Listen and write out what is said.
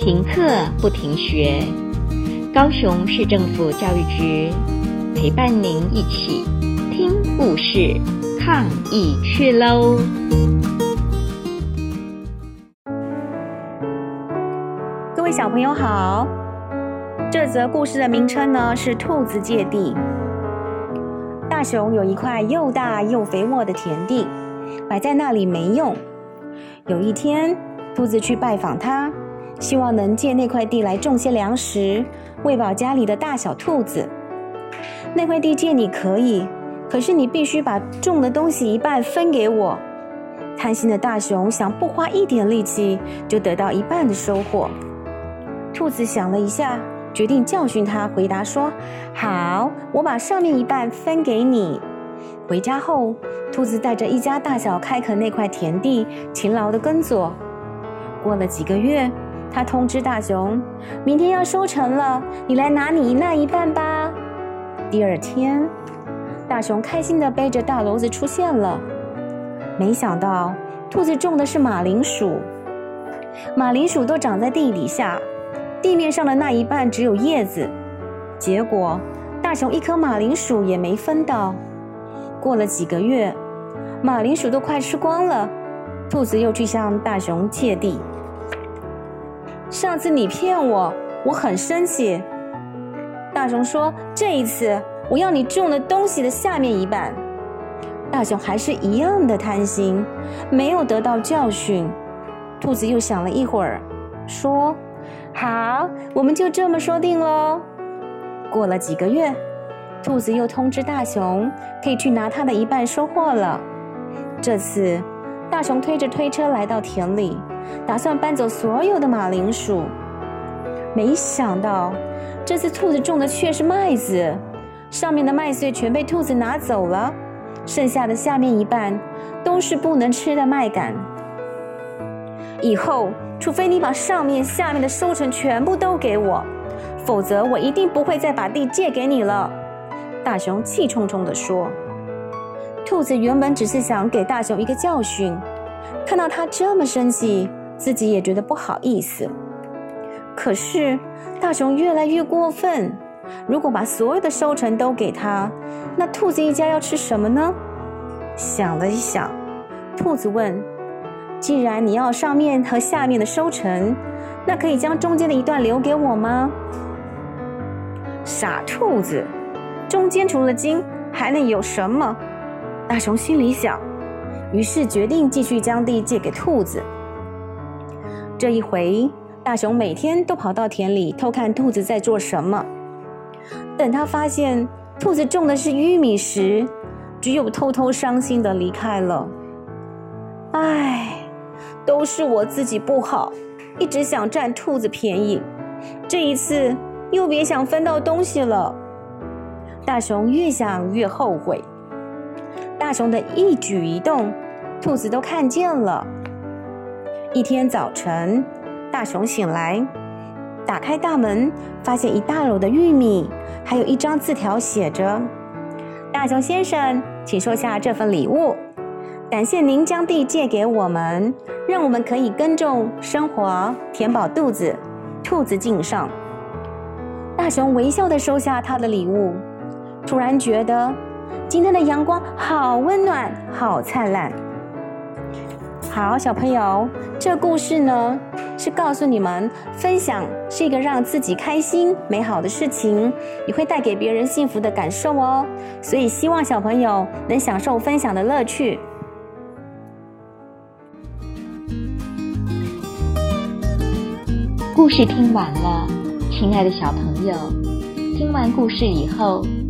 停課不停學，高雄市政府教育局陪伴您一起聽故事，抗疫去嘍！各位小朋友好，這則故事的名稱呢是《兔子借地》。大熊有一塊又大又肥沃的田地，擺在那裡沒用。有一天，兔子去拜訪它。希望能借那塊地來種些糧食，餵飽家裡的大小兔子。那塊地借你可以，可是你必須把種的東西一半分給我。貪心的大熊想不花一點力氣就得到一半的收穫。兔子想了一下，決定教訓他，回答說：“好，我把上面一半分給你。”回家後，兔子帶着一家大小開墾那塊田地，勤勞地耕作。過了幾個月。他通知大熊，明天要收成了，你來拿你那一半吧。第二天，大熊開心的背着大簍子出現了。沒想到，兔子種的是馬鈴薯，馬鈴薯都長在地底下，地面上的那一半只有葉子。結果，大熊一顆馬鈴薯也沒分到。過了幾個月，馬鈴薯都快吃光了，兔子又去向大熊借地。上次你騙我，我很生氣。大熊說：“這一次我要你種的東西的下面一半。”大熊還是一樣的貪心，沒有得到教訓。兔子又想了一會兒，說：“好，我們就這麼說定嘍。”過了幾個月，兔子又通知大熊，可以去拿他的一半收穫了。這次。大熊推着推車來到田裡，打算搬走所有的馬鈴薯。沒想到這次兔子種的卻是麥子，上面的麥穗全被兔子拿走了，剩下的下面一半都是不能吃的麥稈。以後除非你把上面下面的收成全部都給我，否則我一定不會再把地借給你了。大熊氣沖沖地說。兔子原本只是想給大熊一個教訓，看到他這麼生氣，自己也覺得不好意思。可是大熊越來越過分，如果把所有的收成都給他，那兔子一家要吃什麼呢？想了一想，兔子問：“既然你要上面和下面的收成，那可以將中間的一段留給我嗎？”傻兔子，中間除了莖，還能有什麼？大熊心裡想，於是決定繼續將地借給兔子。這一回，大熊每天都跑到田裡偷看兔子在做什麼。等他發現兔子種的是玉米時，只有偷偷傷心地離開了。唉，都是我自己不好，一直想佔兔子便宜，這一次又別想分到東西了。大熊越想越後悔。大熊的一舉一動，兔子都看見了。一天早晨，大熊醒來，打開大門，發現一大簍的玉米，還有一張字條，寫着：“大熊先生，請收下這份禮物，感謝您將地借給我們，讓我們可以耕種生活，填飽肚子。”兔子敬上。大熊微笑地收下他的禮物，突然覺得。今天的陽光好溫暖，好燦爛。好，小朋友，這個故事呢是告訴你們，分享是一個讓自己開心、美好的事情，也會帶給別人幸福的感受哦。所以，希望小朋友能享受分享的樂趣。故事聽完了，親愛的小朋友，聽完故事以後。